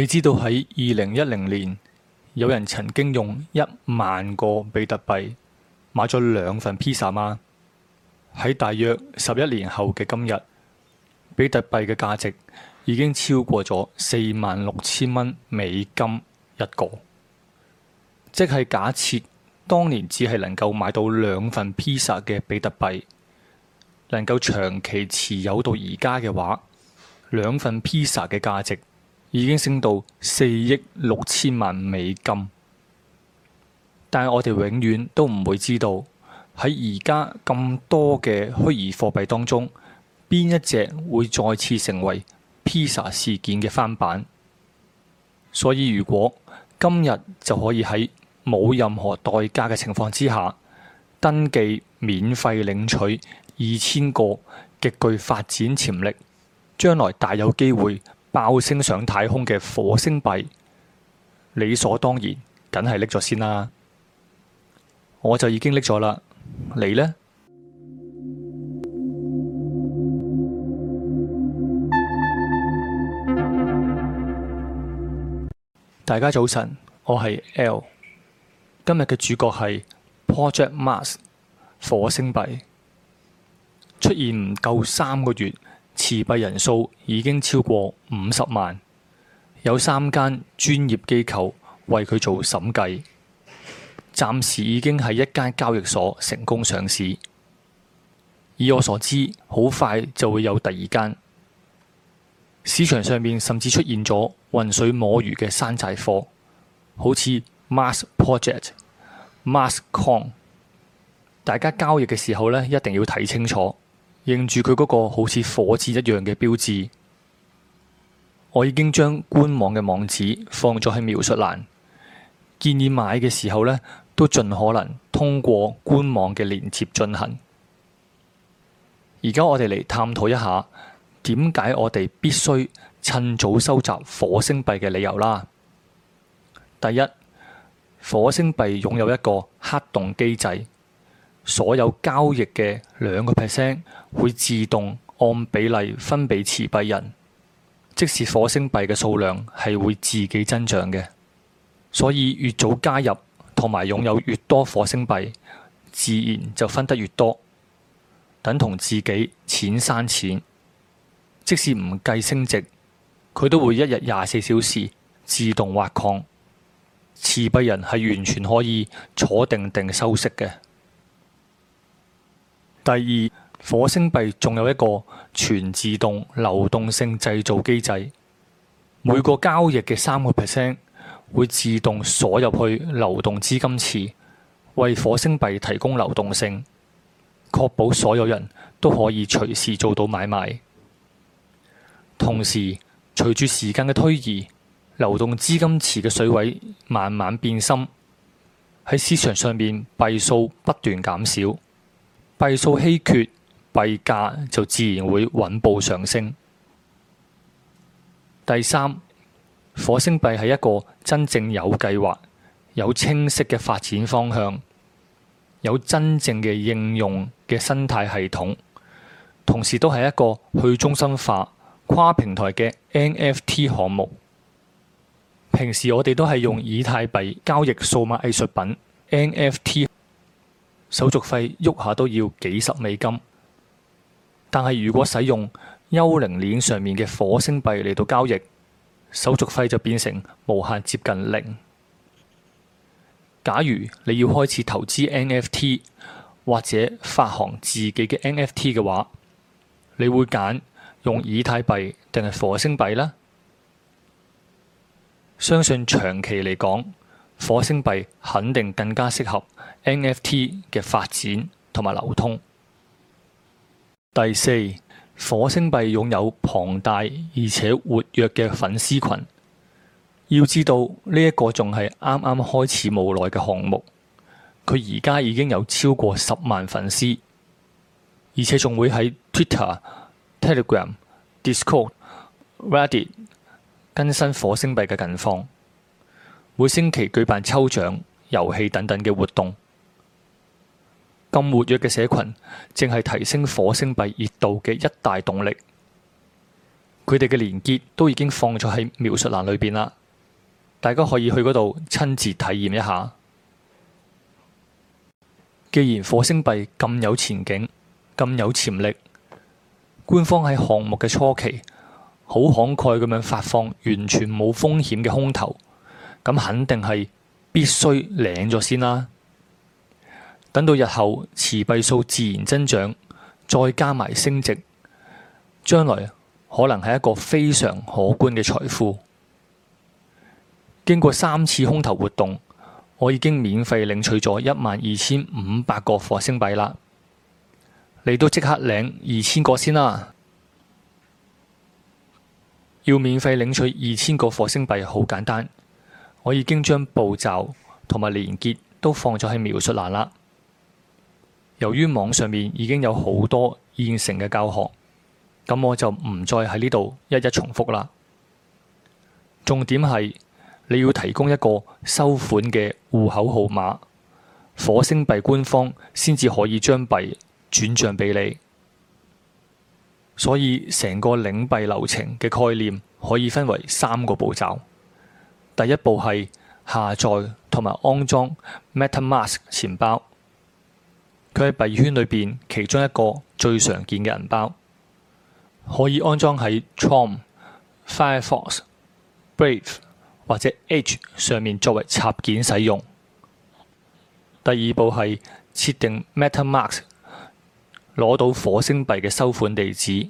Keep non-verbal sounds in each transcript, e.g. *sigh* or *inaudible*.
你知道喺二零一零年，有人曾經用一萬個比特幣買咗兩份披薩嗎？喺大約十一年後嘅今日，比特幣嘅價值已經超過咗四萬六千蚊美金一個，即係假設當年只係能夠買到兩份披薩嘅比特幣，能夠長期持有到而家嘅話，兩份披薩嘅價值，已經升到四億六千萬美金，但係我哋永遠都唔會知道喺而家咁多嘅虛擬貨幣當中，邊一隻會再次成為披薩事件嘅翻版。所以如果今日就可以喺冇任何代價嘅情況之下，登記免費領取二千個極具發展潛力，將來大有機會。爆升上太空嘅火星幣，理所當然，梗係拎咗先啦。我就已經拎咗啦，你呢？ *music* 大家早晨，我係 L。今日嘅主角係 Project Mars 火星幣，出現唔夠三個月。持幣人數已經超過五十萬，有三間專業機構為佢做審計，暫時已經喺一間交易所成功上市。以我所知，好快就會有第二間。市場上面甚至出現咗渾水摸魚嘅山寨貨，好似 Mars Project、Mars Con，大家交易嘅時候呢，一定要睇清楚。認住佢嗰個好似火箭一樣嘅標誌，我已經將官網嘅網址放咗喺描述欄。建議買嘅時候呢，都盡可能通過官網嘅連接進行。而家我哋嚟探討一下，點解我哋必須趁早收集火星幣嘅理由啦？第一，火星幣擁有一個黑洞機制。所有交易嘅兩個 percent 會自動按比例分俾持幣人，即使火星幣嘅數量係會自己增長嘅，所以越早加入同埋擁有越多火星幣自然就分得越多，等同自己錢生錢，即使唔計升值，佢都會一日廿四小時自動挖礦，持幣人係完全可以坐定定收息嘅。第二，火星幣仲有一個全自動流動性製造機制，每個交易嘅三個 percent 會自動鎖入去流動資金池，為火星幣提供流動性，確保所有人都可以隨時做到買賣。同時，隨住時間嘅推移，流動資金池嘅水位慢慢變深，喺市場上面幣數不斷減少。幣數稀缺，幣價就自然會穩步上升。第三，火星幣係一個真正有計劃、有清晰嘅發展方向、有真正嘅應用嘅生態系統，同時都係一個去中心化、跨平台嘅 NFT 項目。平時我哋都係用以太幣交易數碼藝術品 NFT。手續費喐下都要幾十美金，但係如果使用幽靈鏈上面嘅火星幣嚟到交易，手續費就變成無限接近零。假如你要開始投資 NFT 或者發行自己嘅 NFT 嘅話，你會揀用以太幣定係火星幣呢？相信長期嚟講，火星幣肯定更加適合 NFT 嘅發展同埋流通。第四，火星幣擁有龐大而且活躍嘅粉絲群。要知道呢一個仲係啱啱開始無耐嘅項目，佢而家已經有超過十萬粉絲，而且仲會喺 Twitter、Telegram、Discord、Reddit 更新火星幣嘅近況。每星期舉辦抽獎、遊戲等等嘅活動，咁活躍嘅社群，正係提升火星幣熱度嘅一大動力。佢哋嘅連結都已經放咗喺描述欄裏邊啦，大家可以去嗰度親自體驗一下。既然火星幣咁有前景、咁有潛力，官方喺項目嘅初期好慷慨噉樣發放完全冇風險嘅空投。咁肯定係必須領咗先啦。等到日後，持幣數自然增長，再加埋升值，將來可能係一個非常可觀嘅財富。經過三次空投活動，我已經免費領取咗一萬二千五百個火星幣啦。你都即刻領二千個先啦。要免費領取二千個火星幣，好簡單。我已經將步驟同埋連結都放咗喺描述欄啦。由於網上面已經有好多現成嘅教學，咁我就唔再喺呢度一一重複啦。重點係你要提供一個收款嘅戶口號碼，火星幣官方先至可以將幣轉賬俾你。所以成個領幣流程嘅概念可以分為三個步驟。第一步係下載同埋安裝 MetaMask 錢包，佢喺幣圈裏邊其中一個最常見嘅銀包，可以安裝喺 Chrome、Firefox、Brave 或者 Edge 上面作為插件使用。第二步係設定 MetaMask，攞到火星幣嘅收款地址。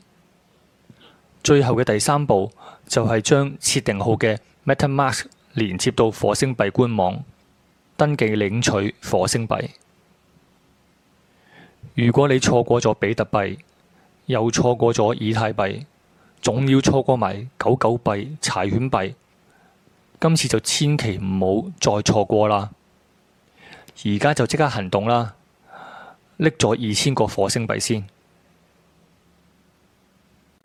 最後嘅第三步就係將設定好嘅 MetaMask，連接到火星幣官網，登記領取火星幣。如果你錯過咗比特幣，又錯過咗以太幣，總要錯過埋狗狗幣、柴犬幣。今次就千祈唔好再錯過啦！而家就即刻行動啦，拎咗二千個火星幣先。